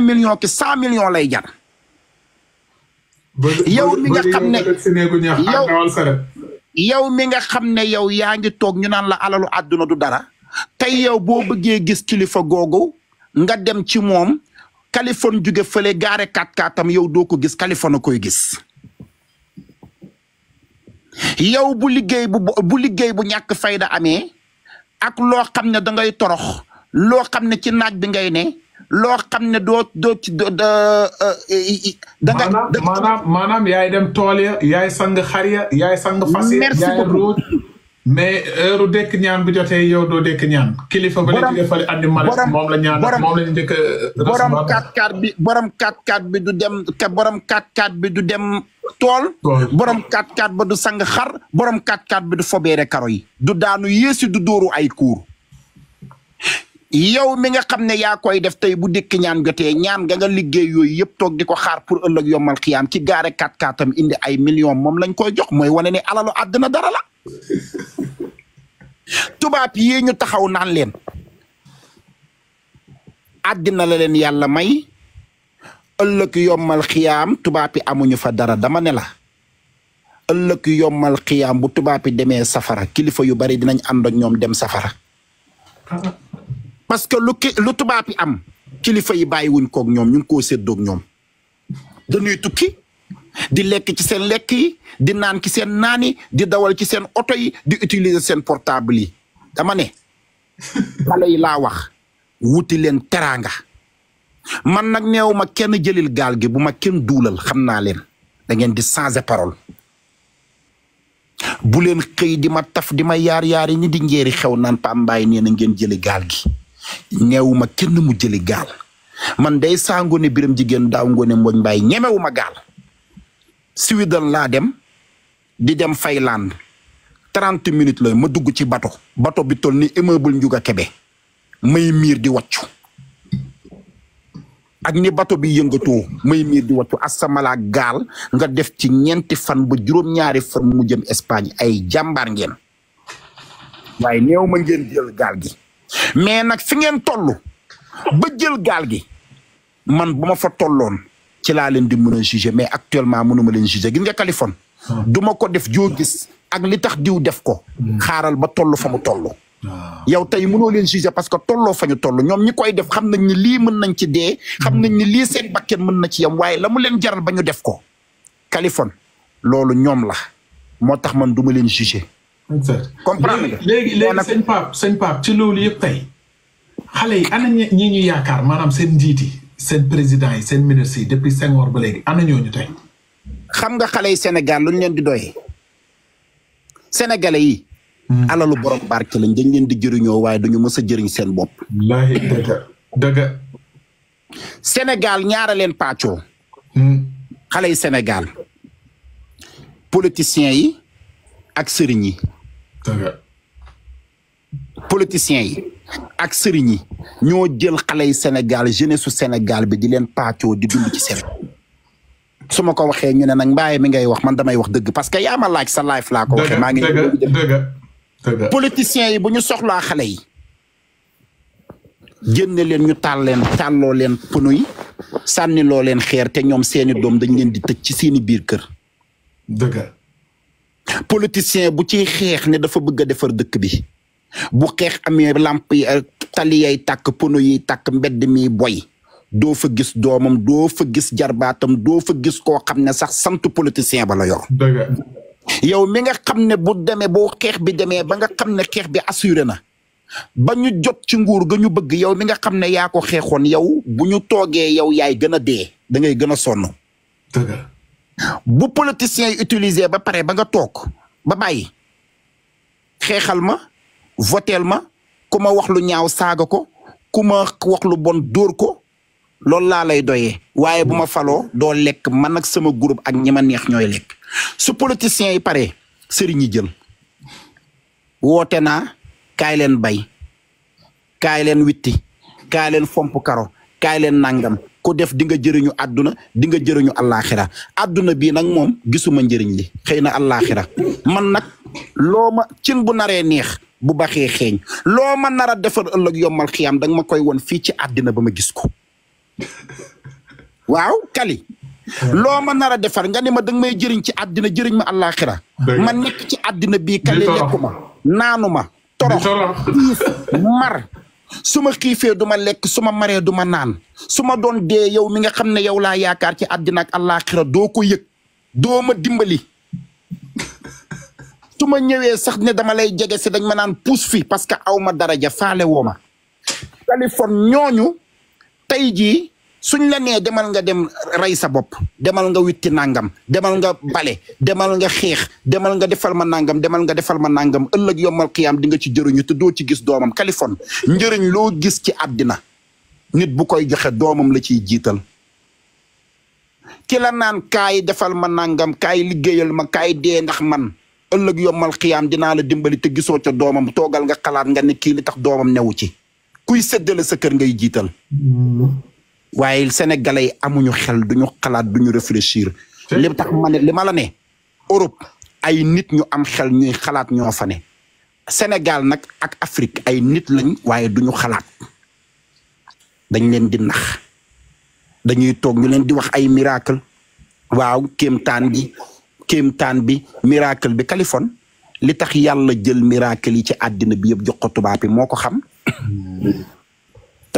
vingt millions ki cent millions lay jar. yow mi nga xam ne yow mi nga xam ne yow yaa ngi toog ñu naan la alalu àdduna du dara tey yow boo bëggee gis kilifa googu nga dem ci moom Kaliphone jóge fële gaare kat katam yow doo ko gis Kaliphone koy gis. yow bu liggéey bu bu liggéey bu ñàkk fayda amee ak loo xam ne da torox loo xam ne ci naaj bi ngay ne. loo xam ne doo doo ci euh, da nga. maanaam maanaam yaay dem tool ya yaay sang xar ya yaay sang fas ya yaay ruuj mais heure dekk ñaan bu jotee yow doo dekk ñaan. kilifa ba la jóge andi maris moom la ñaan moom la ñu njëkk borom 4 bi borom 4x4 bi du dem te borom 4 x bi du dem tool. borom 4 ba du sang xar borom 4 x bi du fobeere karo yi. du daanu yéesi du dóoru ay kuur. yow mi nga xam ne yaa koy def tey bu dikk ñaan jotee ñaan nga nga liggéey yooyu yëpp toog di ko xaar pour ëllëg yombal xiyaam ci gaare kat katam indi ay million moom lañ koy jox mooy wane ne alalu àddina dara la tubaab yi ñu taxaw naan leen àddina la leen yàlla may ëllëg yombal xiyaam tubaab yi amuñu fa dara dama ne la ëllëg yombal xiyaam bu tubaab yi demee safara kilifa yu bari dinañ ànd ak ñoom dem safara parce que lu ki lu tubaab bi am kilifa yi wuñ koog ñoom ñu ngi koo séddoog ñoom dañuy tukki di lekk ci seen lekk yi di naan ki seen naan yi di dawal ci seen oto yi di utiliser seen portable yi dama ne xale yi laa wax wuti leen teraanga man nag neew ma kenn jëlil gaal gi bu ma kenn duulal xam naa leen dangeen di changer parole bu leen xëy di ma taf di ma yaar yaari ni di njeeri xew naan Pape Mbaye nee na ngeen jëli gaal gi ñeewuma kenn mu jëli gaal man day saa ngoone biram jigéen daaw ngoone mboñ mbaay ñemewuma gaal Suède laa dem di dem fay Finlande trente minutes la ma dugg ci bato bato bi toll ni immeuble Ndiouga Kébé may miir di wàccu ak ni bato bi yëngatoo may miir di wàccu asamala gaal nga def ci ñeenti fan ba juróom-ñaari fan mu jëm Espagne ay jàmbaar ngeen waaye néew ma ngeen jël gaal gi mais nag fi ngeen toll ba jël gaal gi man bu ma fa tolloon ci laa leen di mën a juger mais actuellement mënuma leen juger gis nga Kaliphone duma ko def joo gis ak li tax diw def ko xaaral ba toll fa mu toll ah. yow tey mënoo leen juger parce que tolloo fa ñu toll ñoom ñi koy def xam nañ ni lii mën nañ ci dee xam nañ ni lii seen bakken mën na ci yam waaye la mu leen jaral ba ñu def ko Kaliphone loolu ñoom la moo tax man du leen juger exact comprendre nga léegi léegi sëñ Pape sëñ Pape ci loolu yëpp tey xale yi ana ñi ñu yaakaar maanaam seen njiit yi seen président yi seen ministre yi depuis Senghor ba léegi ana ñooñu tey. xam nga xale yi Sénégal luñ leen di doyee sénégalais yi. Hmm. alalu borom barke lañ dañ leen di jëriñoo waaye duñu mës a jëriñ seen bopp. wallaahi dëgg Sénégal ñaara leen pàccoo. Hmm. xale yi Sénégal politiciens yi ak sëriñ yi. politiciens yi ak sëriñ yi ñoo jël xale yi Sénégal jeunesse su Sénégal bi di leen paacoo di dund ci seen su ma ko waxee ñu ne nag mbaaye mi ngay wax man damay wax dëgg parce que yaa ma laaj sa life laa ko waxee. maa ngi dëgg politiciens yi bu ñu soxlaa xale yi génne leen ñu taal leen tàlloo leen pneu yi sànni leen xeer te ñoom seeni doom dañ leen di tëj ci seeni biir kër. dëgg politicien bu ciy xeex ne dafa bëgg a defar dëkk bi bu xeex amee làmp yi euh, tali yay tàkk pono yi takk mbedd mi boy doo fa gis doomam doo fa gis jarbaatam doo fa gis koo xam ne sax santu politicien ba la yor yow mi nga xam ne bu demee boo xeex bi demee ba nga xam ne xeex bi assuré na ba ñu jot ci nguur ga ñu bëgg yow mi nga xam ne yaa ko xeexoon yow bu ñu toogee yow yaay gën a dee da ngay gën a sonn bu politiciens yi utiliser ba pare ba nga toog ba bàyyi xeexal ma votel ma ku ma wax lu ñaaw saaga ko ku wax lu bon dóor ko loolu laa lay doye waaye bu ma faloo doo lekk man ak sama groupe ak ñi neex ñooy lek su politiciens yi pare sëriñ yi jël woote naa kaay leen bay kaay leen witti kaay leen fomp karo kaay leen nangam ku def di nga jëriñu àdduna di nga jëriñu allaaxira àdduna bii nag moom gisuma njëriñ li xëy na allaaxira man nag loo ma cin bu naree neex bu baxee xeeñ loo ma nar a defar ëllëg yombal xiyam danga ma koy won fii ci àddina ba ma gis ko kali loo nara defar nga ne ma danga may jëriñ ci àddina jëriñ ma allaaxira ma nekk ci àddina bii kali lekku ma torox mar su ma xiifee duma lekk su ma maree du ma naan su ma doon dee yow mi nga xam ne yow laa yaakaar ci àddina ak àllaaxira doo ko yëg doo ma dimbali su ma ñëwee sax ne dama lay jege si dañ ma naan puus fi parce que awma ma daraja faale woo ma Californie ñooñu tey jii suñ la nee demal nga dem rey sa bopp demal nga witti nangam demal nga bale demal nga xeex demal nga defal ma nangam demal nga defal ma nangam ëllëg yombal xiyaam di nga ci jëriñu te doo ci gis doomam Kaliphone njëriñ loo gis ci àddina nit bu koy joxe doomam la ciy jiital ki la naan kaay defal ma nangam kaay liggéeyal ma kaay dee ndax man ëllëg yombal xiyaam dinaa la dimbali te gisoo ca doomam toogal nga xalaat nga ne kii li tax doomam newu ci kuy séddale sa kër ngay jiital. Mm-hmm. waaye sénégalais yi amuñu xel duñu xalaat duñu réfléchir li tax ma li ma la ne Europe ay nit ñu am xel ñuy xalaat ñoo fane ne nag ak Afrique ay nit lañ waaye duñu xalaat dañ leen di nax dañuy toog ñu leen di wax ay miracle waaw kéemtaan bi kéemtaan bi miracle bi Californie li tax yàlla jël miracle yi ci àddina bi yëpp jox ko tubaab bi moo ko xam hmm.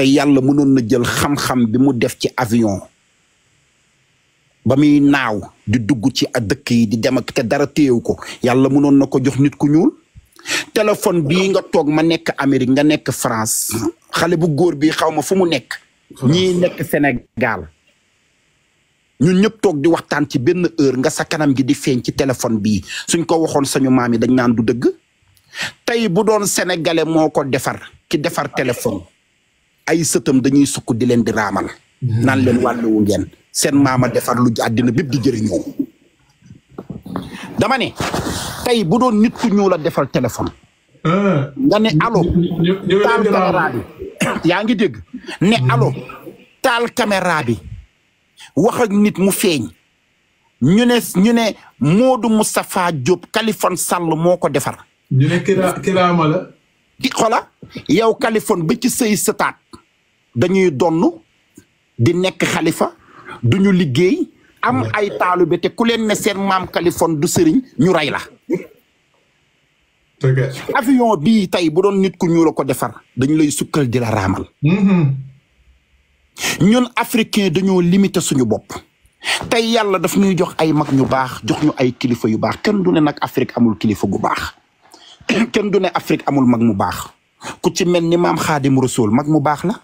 te yàlla mënoon na jël xam-xam bi mu def ci avion ba muy naaw di dugg ci dëkk yi di dem ak dara téew ko yàlla mënoon na ko jox nit ku ñuul téléphone bii nga toog ma nekk Amérique nga nekk France xale bu góor bi xaw ma fu mu nekk ñii nekk Sénégal ñun ñëpp toog di waxtaan ci benn heure nga sa kanam gi di feeñ ci téléphone bii suñ ko waxoon sañu maam yi dañ naan du dëgg tey bu doon sénégalais moo ko defar ki defar téléphone ay sëtam dañuy sukk di leen di raamal. naan leen wàlluwu ngeen seen maama defar lu àddina bépp di jëriñoo. dama ne tey bu doon nit ku ñuul a defar téléphone. nga ne allo. taal caméra bi yaa ngi dégg. ne mm-hmm. allo taal bi wax nit mu feeñ. ñu ne ñu ne Modou Moustapha Diop Kaliphone Sall moo ko defar. ñu di xola yow Kaliphone ba ci sëy dañuy donn di nekk xalifa du ñu liggéey am mm. ay taalibe te ku leen seen maam kalifon du sëriñ ñu rey la avion bii tey bu doon nit ku ñuul a ko defar dañ lay sukkal di la raamal mm-hmm. ñun africain dañoo limité suñu bopp tey yàlla daf ñuy jox ay mag ñu baax jox ñu ay kilifa yu baax kenn du ne nag Afrique amul kilifa gu baax kenn du ne Afrique amul mag mu baax ku ci mel ni maam xaadim rasul mag mu baax la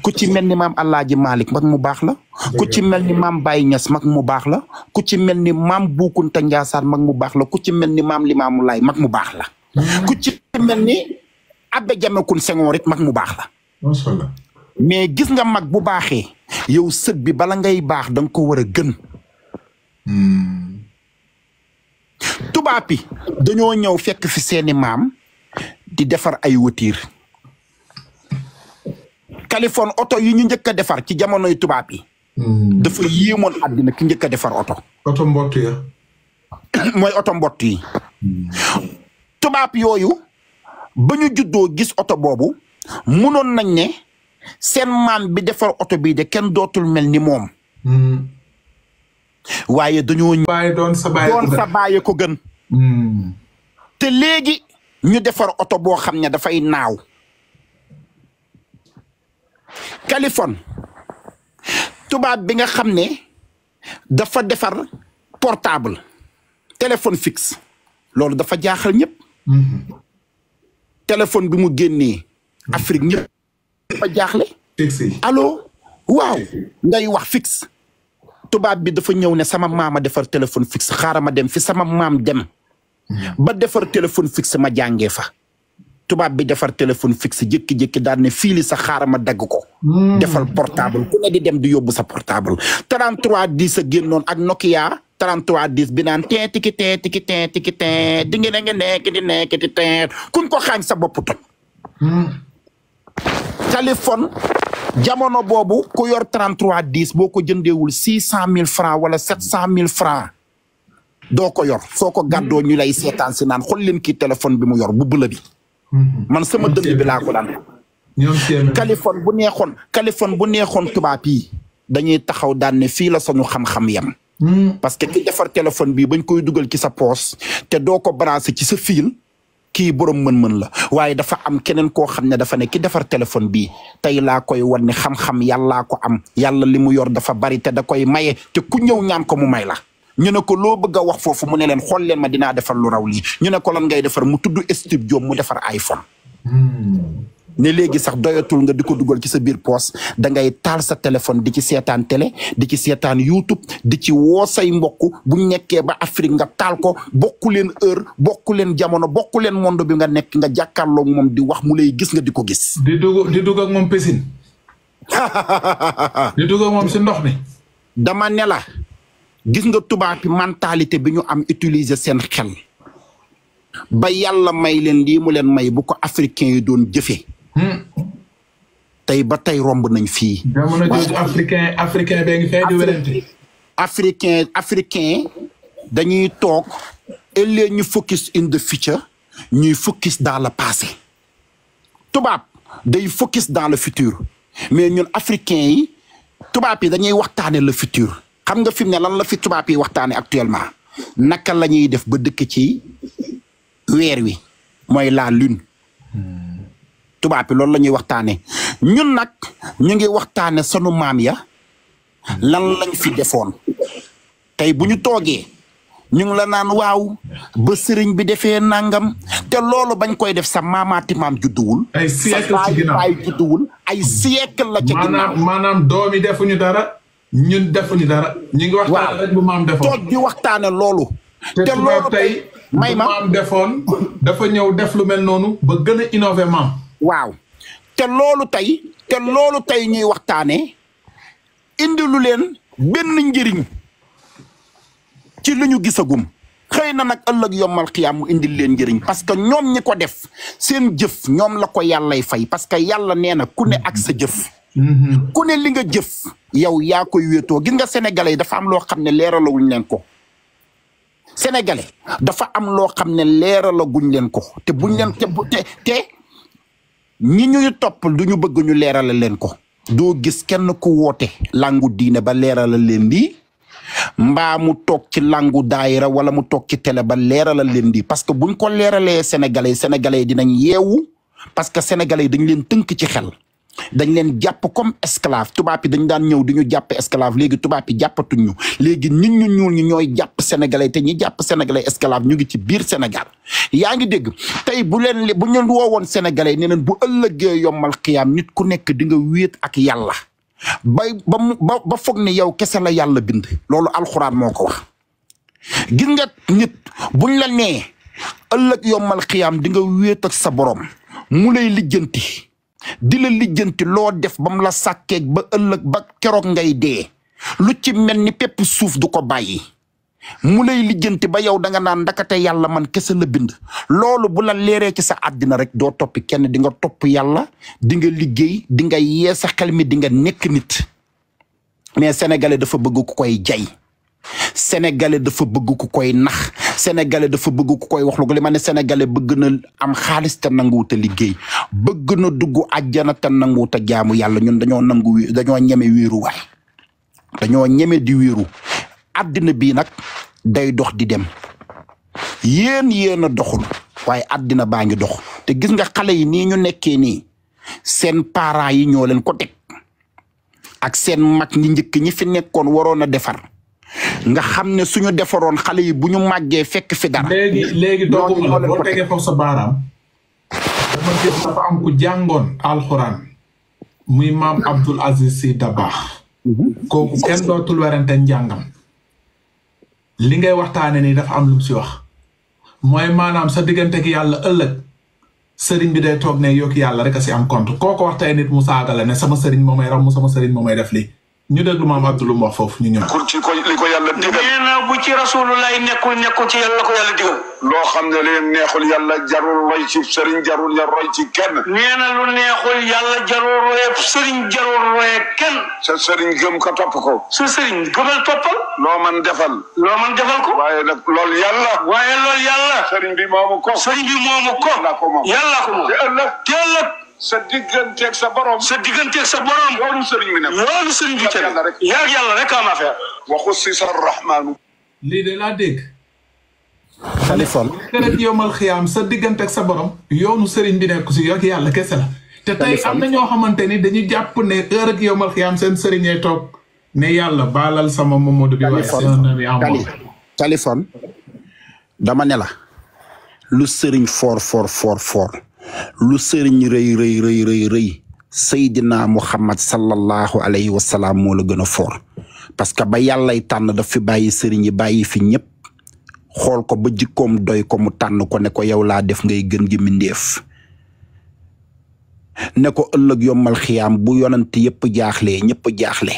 ku ci mel ni maam Alaaji Malick mag mu baax la ku ci mel ni maam Baye ñas mag mu baax la ku ci mel ni maam Boukounta Ndiassane mag mu baax la ku ci mel ni maam Limaamu Laay mag mu baax la mm-hmm. ku ci mel ni Abbé Diamekoune Senghor it mag mu baax la macha mais gis nga mag bu baaxee yow sët bi bala ngay baax da nga ko war a gën mm-hmm. tubaab bi dañoo ñëw fekk fi seeni maam di defar ay wëtiir Californie oto yi ñu njëkk a defar ci jamonoy tubaab yi. Hmm. dafa yéemoon àddina ki njëkk a defar oto. oto mbott oto mbott yi. Hmm. tubaab yooyu ba ñu juddoo gis oto boobu munoon nañ ne seen maam bi defar oto bii de kenn dootul mel ni moom. Hmm. waaye dañoo. doon sa baaye ko gën. te léegi ñu defar oto boo xam ne dafay naaw. Californie tubaab bi nga xam ne dafa defar portable téléphone fix loolu dafa jaaxal ñépp mm-hmm. téléphone bi mu génnee. Afrique ñëpp dafa jaaxle. fixe allo waaw ngay wax fix tubaab bi dafa ñëw ne sama maam a defar téléphone fixe xaaral ma dem fi sama maam dem. Mm-hmm. ba defar téléphone fixe ma jàngee fa. tubaab bi defar téléphone fixe jékki-jékki daal ne fii li sa xaaral ma dagg ko. Hmm. defal portable ku ne di dem di yóbbu sa portable. 3310 a génnoon ak Nokia 3310 bi naan tey tiki tey tiki tey tiki tey di ngeen a nekk di nekk di tey ko xaañ sa bopp toj. Hmm. téléphone jamono boobu ku yor 3310 boo ko jëndeewul 600000 francs wala 700000 francs doo ko yor soo ko gàddoo hmm. ñu lay seetaan si naan xool leen kii téléphone bi mu yor bu bëla Mm-hmm. man sama dënd bi laa ko daan Kaliphone bu neexoon Kaliphone bu neexoon tubaab yi dañuy taxaw daan ne fii la sunu xam-xam yam mm. parce que ki defar téléphone bi bañ koy dugal ci sa poos te doo ko branché ci sa fil kii borom mën-mën la waaye dafa am keneen koo xam ne dafa ne ki defar téléphone bii tey laa koy wan ne xam-xam yàllaa ko am yàlla li mu yor dafa bari te da koy maye te ku ñëw ñaam ko mu may la ñu ne ko loo bëgg wax foofu mu ne leen xool leen ma dinaa defar lu raw lii ñu ne ko lan ngay defar mu tudd Steve Jobs mu defar iPhone. Hmm. ne léegi sax doyatul nga di ko dugal ci sa biir poos da ngay taal sa téléphone di ci seetaan télé di ci seetaan YouTube di ci woo say mbokk bu nekkee ba Afrique nga taal ko bokku leen heure bokku leen jamono bokku leen monde bi nga nekk nga jàkkaarloog moom di wax mu lay gis nga di ko gis. di dugg moom piscine. di dugg ak ndox mi. gis nga tubaab yi mentalité bi ñu am utiliser seen xel ba yàlla may leen lii mu leen may bu ko africain yi doon jëfee. Hmm. tey ba tey romb nañ fii. jamono africain dañuy toog ëllëg ñu focus in de future ñuy focus dans le passé tubaab day focus dans le futur mais ñun africain yi tubaab yi dañuy waxtaane le futur. xam nga fi mu ne lan la fi tubaab yi waxtaanee actuellement naka la ñuy def ba dëkk ci weer wi mooy la lune tubaab bi loolu la ñuy waxtaanee ñun nag ñu ngi waxtaane sunu maam ya lan lañ fi defoon tey bu ñu toogee ñu ngi la naan waaw ba sëriñ bi defee nangam te loolu bañ koy def sa maamaati maam judduwul. ay siècle ci ginnaaw ay siècle la ci ginnaaw dara. ñun defuñu dara. ñu ngi waxtaan rek bu maam defoon toog di waxtaane loolu. te loolu tey may ma am defoon dafa ñëw def lu mel noonu ba gën a innové waaw te loolu tey. te loolu tey ñuy waxtaanee indi leen benn njëriñ ci li ñu gisagum. xëy na nag ëllëg yombal xiyaam mu indil leen njëriñ parce que ñoom ñi ko def seen jëf ñoom la ko yàllay fay parce que yàlla nee na ku ne ak sa jëf. Mhm. ku ne li nga jëf yow yaa koy wéetoo gis nga sénégalais dafa am loo xam ne leeralawuñ leen ko sénégalais dafa am loo xam ne leeralaguñ leen ko te buñ leen te te ñi ñuy topp du ñu bëgg ñu leerala leen ko doo gis kenn ku woote langu diine ba leerala leen lii mbaa mu toog ci langu daayira wala mu toog ci télé ba leerala leen lii parce que buñ ko leeralee sénégale sénégalais dinañ yeewu parce que sénégalais dañ leen tënk ci xel dañ leen jàpp comme esclave tubaab yi dañ daan ñëw di ñu jàpp esclave léegi tubaab yi jàppatuñ ñu léegi ñun ñu ñuul ñu ñooy jàpp sénégalais te ñi jàpp sénégalais esclave ñu ngi ci biir Sénégal yaa ngi dégg tey bu leen bu ñu woowoon sénégalais nee neen bu ëllëgee yombal xiyaam nit ku nekk di nga wéet ak yàlla bay ba ba ba foog ne yow kese la yàlla bind loolu alxuraan moo ko wax gis nga nit buñ la nee ëllëg yombal xiyaam di nga wéet ak sa borom mu lay lijjanti di la lijjanti loo def ba mu la sàkkeeg ba ëllëg ba keroog ngay dee lu ci mel ni pépp suuf du ko bàyyi mu lay lijjanti ba yow danga nga naan ndakate yàlla man kese la bind loolu bu la leeree ci sa àddina rek doo toppi kenn di nga topp yàlla di nga liggéey di nga yee sa xel mi di nga nekk nit mais sénégalais dafa bëgg ku koy jay sénégalais dafa bëgg ku koy nax senegale dafa bëgg ku koy wax lu ko li ma ne sénégalais bëgg na am xaalis te nanguwut a liggéey bëgg na dugg àjjana te nangu te jaamu yàlla ñun dañoo nangu dañoo ñeme wéeru waay dañoo ñeme di wéeru addina bii nag day dox di dem yéen yéen a waaye addina baa ngi dox te gis nga xale yi nii ñu nekkee nii seen parents yi ñoo leen ko teg ak seen mag ñi njëkk ñi fi nekkoon waroon a defar nga xam ne suñu defaroon xale yi bu ñu màggee fekk fi dara. léegi dafa gis dafa am ku jàngoon alxuraan muy maam Abdul Aziz Si Dabaax mhm. kooku kenn dootul werante njàngam li ngay waxtaane nii dafa am lu si wax mooy maanaam sa diggante ki yàlla ëllëg sëriñ bi day toog ne yokki yàlla rek a si am compte kooko wax tey nit mu saaga la ne sama sëriñ moo may ram mu sama sëriñ moo may def lii ñu déglu maam Abdou lu mu wax foofu ñu ñëw. ku ci ko li ko yàlla digal. nee na bu ci rasulullah nekkul nekkul ci yàlla ko yàlla digal. loo xam ne li neexul yàlla jarul roy ci sëriñ jarul ya roy ci kenn. nee na lu neexul yàlla jarul royeeb sëriñ jarul royeeb kenn. sa sëriñ gëm ko topp ko. sa sëriñ gëmal toppal. loo man defal. loo man defal ko. waaye nag loolu yàlla. waaye loolu yàlla. sëriñ bi moomu ko. sëriñ bi moomu ko. yàlla ko moom yàlla ko moom. te ëllëg. sa digganteeg sa borom. sa digganteeg sa borom. loolu sëriñ sa rahmaanu. lii de laa dégg. Khalifa. sa digganteeg sa borom. yoonu sëriñ bi nekk si yow yàlla kese la. te tey am na ñoo xamante ni dañu jàpp ne heure ak yomal seen sëriñee toog. ne yàlla baalal sama Momadou bi. waaye seen ami amoon téléphone dama ne lu sëriñ for for for lu sëriñ rëy rëy rëy rëy rëy Seydina Muhammad sallallahu alayhi wa salaam moo la gën a foor parce que ba yàllay tànn daf fi bàyyi sëriñ yi bàyyi fi ñëpp xool ko ba jikkoom doy ko mu tànn ko ne ko yow laa def ngay gën gi mindeef ne ko ëllëg yombal xiyaam bu yonent yépp jaaxle ñépp jaaxle